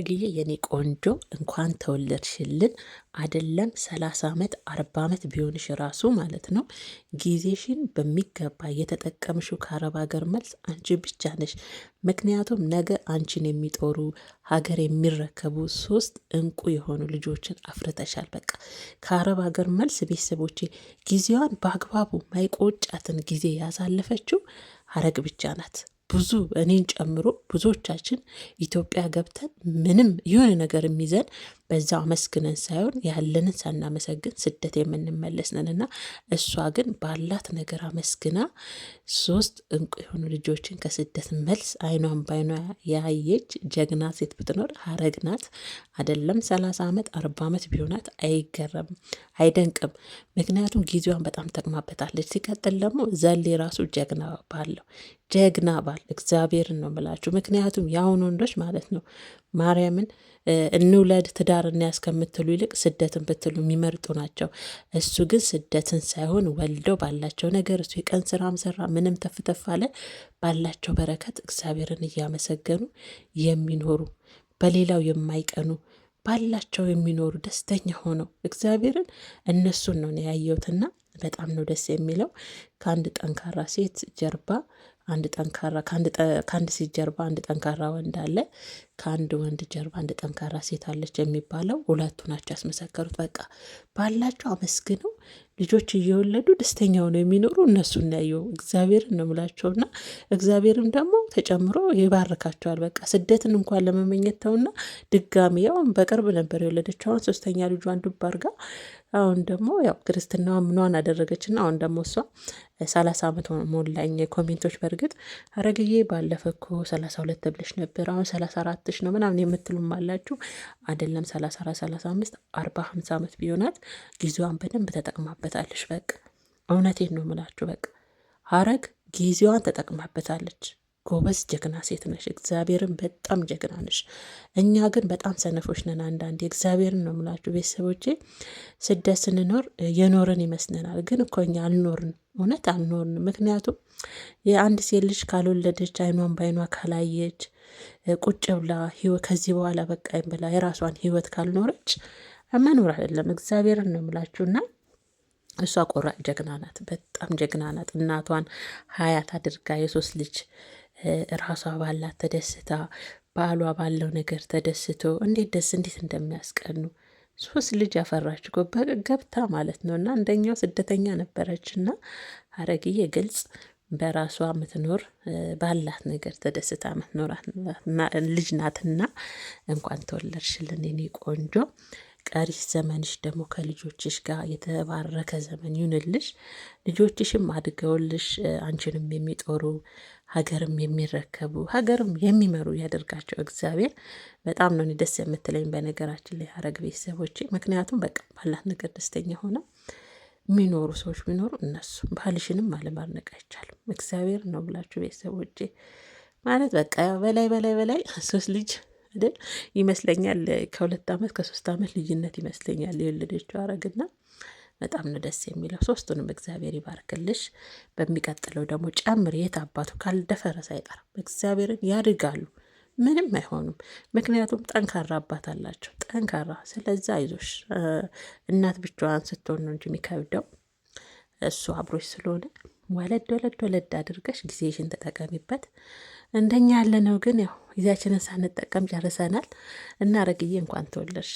እግዬ የኔ ቆንጆ እንኳን ተወለድሽልን። አደለም ሰላሳ ዓመት አርባ ዓመት ቢሆንሽ ራሱ ማለት ነው ጊዜሽን በሚገባ የተጠቀምሽው ከአረብ ሀገር መልስ አንቺ ብቻ ነሽ። ምክንያቱም ነገ አንቺን የሚጦሩ ሀገር የሚረከቡ ሶስት እንቁ የሆኑ ልጆችን አፍርተሻል። በቃ ከአረብ ሀገር መልስ ቤተሰቦቼ ጊዜዋን በአግባቡ ማይቆጫትን ጊዜ ያሳለፈችው ሀረግ ብቻ ናት። ብዙ እኔን ጨምሮ ብዙዎቻችን ኢትዮጵያ ገብተን ምንም የሆነ ነገር የሚዘን በዛው አመስግነን ሳይሆን ያለንን ሳናመሰግን ስደት የምንመለስ ነን እና እሷ ግን ባላት ነገር አመስግና ሶስት እንቁ የሆኑ ልጆችን ከስደት መልስ አይኗን ባይኗ ያየች ጀግና ሴት ብትኖር ሀረግ ናት። አደለም ሰላሳ ዓመት አርባ ዓመት ቢሆናት አይገረም አይደንቅም። ምክንያቱም ጊዜዋን በጣም ተቅማበታለች። ሲቀጥል ደግሞ ዘሌ ራሱ ጀግና ባለው ጀግና ባል እግዚአብሔርን ነው ምላችሁ። ምክንያቱም የአሁኑ ወንዶች ማለት ነው ማርያምን እንውለድ ትዳ ትዳር እና ከምትሉ ይልቅ ስደትን ብትሉ የሚመርጡ ናቸው። እሱ ግን ስደትን ሳይሆን ወልደው ባላቸው ነገር እሱ የቀን ስራም ሰራ ምንም ተፍተፍ አለ ባላቸው በረከት እግዚአብሔርን እያመሰገኑ የሚኖሩ በሌላው የማይቀኑ ባላቸው የሚኖሩ ደስተኛ ሆነው እግዚአብሔርን እነሱን ነው ያየሁትና በጣም ነው ደስ የሚለው። ከአንድ ጠንካራ ሴት ጀርባ አንድ ጠንካራ ከአንድ ሴት ጀርባ አንድ ጠንካራ ወንድ አለ፣ ከአንድ ወንድ ጀርባ አንድ ጠንካራ ሴት አለች የሚባለው ሁለቱ ናቸው ያስመሰከሩት። በቃ ባላቸው አመስግነው ልጆች እየወለዱ ደስተኛ ነው የሚኖሩ እነሱ እናየው እግዚአብሔር ነው የምላቸውና እግዚአብሔርም ደግሞ ተጨምሮ ይባርካቸዋል። በቃ ስደትን እንኳን ለመመኘት ተውና ድጋሚ ያው በቅርብ ነበር የወለደችው አሁን ሶስተኛ ልጇን ዱብ አድርጋ አሁን ደግሞ ያው ክርስትናዋ ምኗን አደረገችና አሁን ደግሞ እሷ ሰላሳ ዓመት ሞላኝ ኮሜንቶች። በእርግጥ አረግዬ ባለፈ እኮ ሰላሳ ሁለት ተብለሽ ነበር አሁን ሰላሳ አራትሽ ነው ምናምን የምትሉም አላችሁ። አይደለም ሰላሳ አራት ሰላሳ አምስት አርባ ሀምሳ ዓመት ቢሆናት ጊዜዋን በደንብ ተጠቅማበታለች። በቃ እውነቴን ነው ምላችሁ። በቃ ሀረግ ጊዜዋን ተጠቅማበታለች። ጎበዝ ጀግና ሴት ነሽ። እግዚአብሔርን በጣም ጀግና ነሽ። እኛ ግን በጣም ሰነፎች ነን አንዳንዴ። እግዚአብሔርን ነው የምላችሁ ቤተሰቦቼ። ስደት ስንኖር የኖርን ይመስለናል፣ ግን እኮ እኛ አልኖርን፣ እውነት አልኖርን። ምክንያቱም የአንድ ሴት ልጅ ካልወለደች፣ አይኗን በአይኗ ካላየች፣ ቁጭ ብላ ከዚህ በኋላ በቃ ብላ የራሷን ህይወት ካልኖረች መኖር አይደለም። እግዚአብሔርን ነው የምላችሁና እሷ ቆራጥ ጀግና ናት። በጣም ጀግና ናት። እናቷን ሀያት አድርጋ የሶስት ልጅ ራሷ ባላት ተደስታ ባሏ ባለው ነገር ተደስቶ እንዴት ደስ እንዴት እንደሚያስቀኑ ሶስት ልጅ ያፈራች እኮ ገብታ ማለት ነው። እና አንደኛው ስደተኛ ነበረች እና ሀረግዬ ግልጽ በራሷ ምትኖር ባላት ነገር ተደስታ ምትኖራት ልጅ ናትና እንኳን ተወለድሽልን የኔ ቆንጆ። ቀሪ ዘመንሽ ደግሞ ከልጆችሽ ጋር የተባረከ ዘመን ይሁንልሽ። ልጆችሽም አድገውልሽ አንቺንም የሚጦሩ ሀገርም የሚረከቡ ሀገርም የሚመሩ ያደርጋቸው እግዚአብሔር። በጣም ነው ደስ የምትለኝ በነገራችን ላይ አረግ ቤተሰቦች ምክንያቱም በቃ ባላት ነገር ደስተኛ ሆነ የሚኖሩ ሰዎች ቢኖሩ እነሱ ባህልሽንም አለማድነቅ አይቻልም። እግዚአብሔር ነው ብላችሁ ቤተሰቦቼ ማለት በቃ በላይ በላይ በላይ ሶስት ልጅ አይደል ይመስለኛል። ከሁለት ዓመት ከሶስት ዓመት ልዩነት ይመስለኛል የወለደችው አረግና በጣም ነው ደስ የሚለው። ሶስቱንም እግዚአብሔር ይባርክልሽ። በሚቀጥለው ደግሞ ጨምር። የት አባቱ ካልደፈረሰ አይቀርም። እግዚአብሔርን ያድጋሉ፣ ምንም አይሆኑም። ምክንያቱም ጠንካራ አባት አላቸው፣ ጠንካራ። ስለዚ አይዞሽ። እናት ብቻዋን ስትሆን ነው እንጂ የሚከብደው፣ እሱ አብሮች ስለሆነ ወለድ ወለድ ወለድ አድርገሽ ጊዜሽን ተጠቀሚበት። እንደኛ ያለ ነው ግን ያው ጊዜያችንን ሳንጠቀም ጨርሰናል እና ረግዬ እንኳን ተወለድሽ።